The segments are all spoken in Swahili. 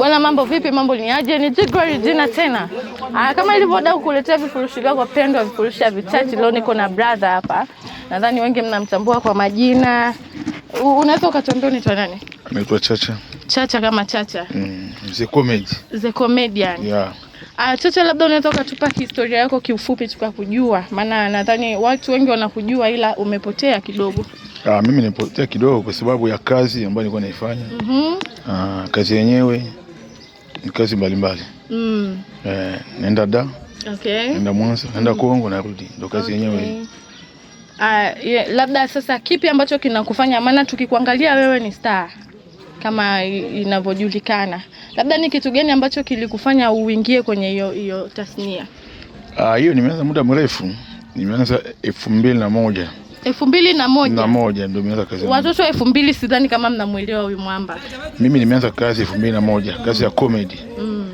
Bwana, mambo vipi? Mambo ni aje? Ni Jigwa jina tena. Ah, kama ilivyodau kuletea vifurushi vyako pendwa, vifurushi vichache. Leo niko na brother hapa, nadhani wengi mnamtambua kwa majina. Unaweza ukatuambia unaitwa nani? Naitwa Chacha. Chacha kama Chacha. Mm, the comedy. The comedian. Yeah. Ah, Chacha, labda unaweza ukatupa historia yako kiufupi tukakujua, maana nadhani watu wengi wanakujua ila umepotea kidogo. Ah, mimi nimepotea kidogo kwa sababu ya kazi ambayo nilikuwa naifanya. Mhm. Mm ah, kazi yenyewe ni kazi mbalimbali mm. Eh, naenda da okay. Naenda Mwanza naenda mm. narudi, ndo kazi yenyewe okay. Uh, yeah, labda sasa kipi ambacho kinakufanya, maana tukikuangalia wewe ni star kama inavyojulikana, labda ni kitu gani ambacho kilikufanya uingie kwenye hiyo hiyo tasnia ah, hiyo? Uh, nimeanza muda mrefu, nimeanza elfu mbili na moja elfu mbili na moja na moja ndio nimeanza kazi. Watoto elfu mbili sidhani kama mnamwelewa huyu mwamba. Mimi nimeanza kazi elfu mbili na moja kazi ya comedy mm.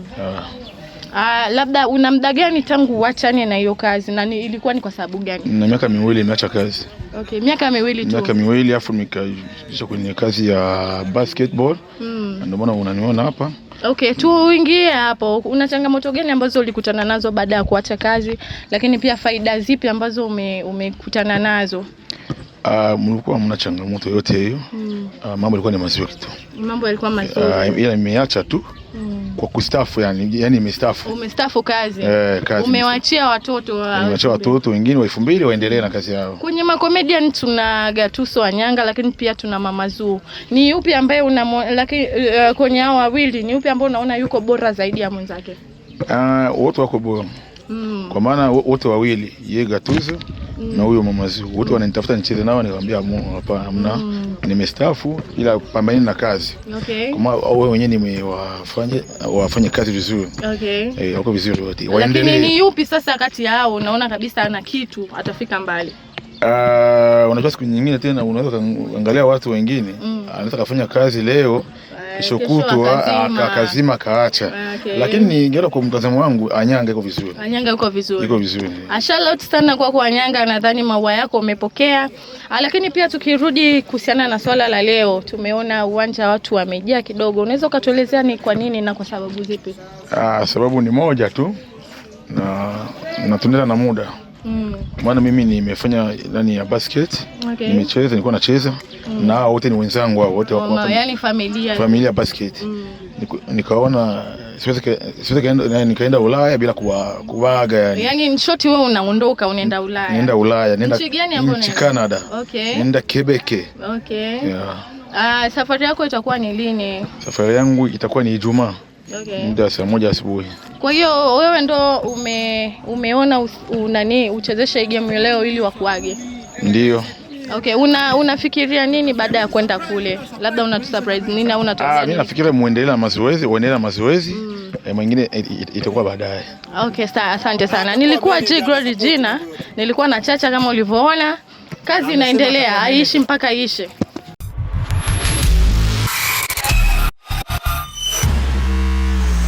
Ah. ah, labda una muda gani tangu uachane na hiyo kazi na ni, ilikuwa ni kwa sababu gani? Na miaka miwili nimeacha kazi. Okay, miaka miwili tu. Miaka miwili afu nikaisha kwenye kazi ya basketball mm. Mm. Ndio maana unaniona hapa. Okay, tuingie hapo. Una changamoto gani ambazo ulikutana nazo baada ya kuacha kazi, lakini pia faida zipi ambazo umekutana ume nazo? Uh, mlikuwa mna changamoto yote hiyo? Mm. Uh, mambo yalikuwa ni mazuri tu, mambo yalikuwa mazuri uh, ila nimeacha tu kwa kustafu yani, yani imestafu. Umestafu kazi. Eh, kazi. Umewachia watoto. Umewachia watoto wengine wa elfu mbili waendelee na kazi yao. Kwenye makomedian tuna Gatuso Wanyanga lakini pia tuna Mama Zuu. Ni yupi ambaye una lakini uh, kwenye hao wawili ni yupi ambaye unaona yuko bora zaidi ya mwenzake? Ah, uh, wote wako bora. Mm. Kwa maana wote wawili, yeye Gatuso na huyo mama zio wote wananitafuta nicheze nao, nikamwambia hapana, hamna, mm. nimestaafu ila pambaneni na kazi. Okay. Kama wao nimewafanye wafanye kazi vizuri. Okay. Eh, wako vizuri wote. Waendelee. Lakini ni yupi sasa kati yao unaona kabisa ana kitu atafika mbali? Uh, unajua siku nyingine tena unaweza kuangalia watu wengine, mm. anaweza kafanya kazi leo kesho kutwa ah, akazima kaacha. Ah, okay. Lakini ningeona kwa mtazamo wangu Anyanga iko vizuri. Anyanga iko vizuri. Iko vizuri. Ashalot sana kwa kwa Anyanga, nadhani maua yako umepokea. Ah, lakini pia tukirudi kuhusiana na swala la leo, tumeona uwanja watu wamejaa kidogo. Unaweza ukatuelezea ni kwa nini na kwa sababu zipi? Ah, sababu ni moja tu. Na na na muda mm. Maana mimi nimefanya ndani ya basket okay. Nimecheza, nilikuwa nacheza mm. na wote ni wenzangu hao wote wako yani familia, familia basket mm. Nikaona siwezi nikaenda Ulaya bila kuwa kuwaga yani. Yani in short wewe unaondoka unaenda Ulaya. nenda Ulaya, nenda nchi gani hapo nchi Canada. Okay. nenda Quebec. Okay. Yeah. Ah, safari yako itakuwa ni lini? Safari yangu itakuwa ni Ijumaa. Okay. Muda wa saa moja asubuhi. Kwa hiyo wewe ndo ume, umeona nani uchezeshe game leo ili wakuage? Ndio. Okay, una unafikiria nini baada ya kwenda kule? Labda una surprise nini au unatoa? Ah, mimi nafikiria muendelee na mazoezi, uendelee na mazoezi. Mm. E, mwingine itakuwa baadaye. Okay, sawa, asante sana. Nilikuwa G Glory Gina, nilikuwa na Chacha kama ulivyoona. Kazi inaendelea, haiishi mpaka iishe.